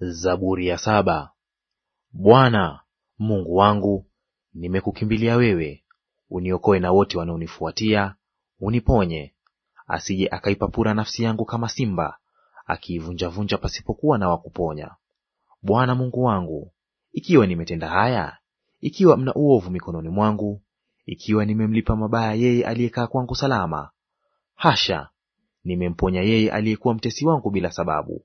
Zaburi ya saba. Bwana Mungu wangu, nimekukimbilia wewe, uniokoe na wote wanaonifuatia, uniponye, asije akaipapura nafsi yangu kama simba, akiivunjavunja pasipokuwa na wakuponya. Bwana Mungu wangu, ikiwa nimetenda haya, ikiwa mna uovu mikononi mwangu, ikiwa nimemlipa mabaya yeye aliyekaa kwangu salama, hasha, nimemponya yeye aliyekuwa mtesi wangu bila sababu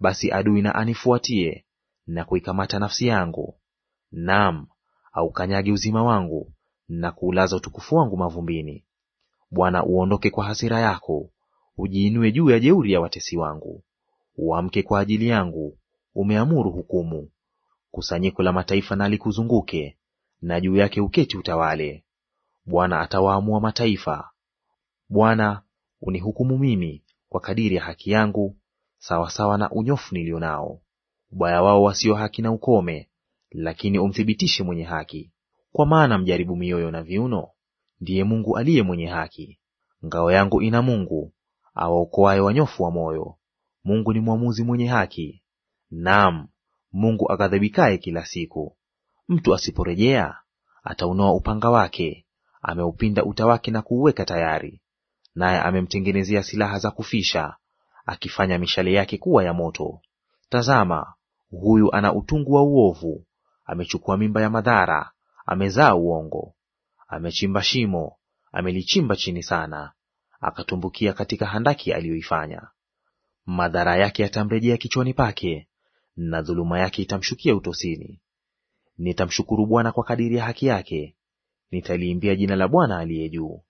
basi adui na anifuatie na kuikamata nafsi yangu; naam, aukanyage uzima wangu na kuulaza utukufu wangu mavumbini. Bwana, uondoke kwa hasira yako, ujiinue juu ya jeuri ya watesi wangu. Uamke kwa ajili yangu, umeamuru hukumu. Kusanyiko la mataifa na likuzunguke, na juu yake uketi utawale. Bwana atawaamua mataifa. Bwana, unihukumu mimi kwa kadiri ya haki yangu sawasawa na unyofu nao Ubaya wao wasio haki na ukome, lakini umthibitishe mwenye haki. Kwa maana mjaribu mioyo na viuno, ndiye Mungu aliye mwenye haki. Ngao yangu ina Mungu awaokoaye wanyofu wa moyo. Mungu ni mwamuzi mwenye haki, naam, Mungu aghadhibikaye kila siku. Mtu asiporejea ataunoa upanga wake, ameupinda uta wake na kuuweka tayari, naye amemtengenezea silaha za kufisha, akifanya mishale yake kuwa ya moto. Tazama, huyu ana utungu wa uovu, amechukua mimba ya madhara, amezaa uongo. Amechimba shimo, amelichimba chini sana, akatumbukia katika handaki aliyoifanya. Madhara yake yatamrejea kichwani pake, na dhuluma yake itamshukia utosini. Nitamshukuru Bwana kwa kadiri ya haki yake, nitaliimbia jina la Bwana aliye juu.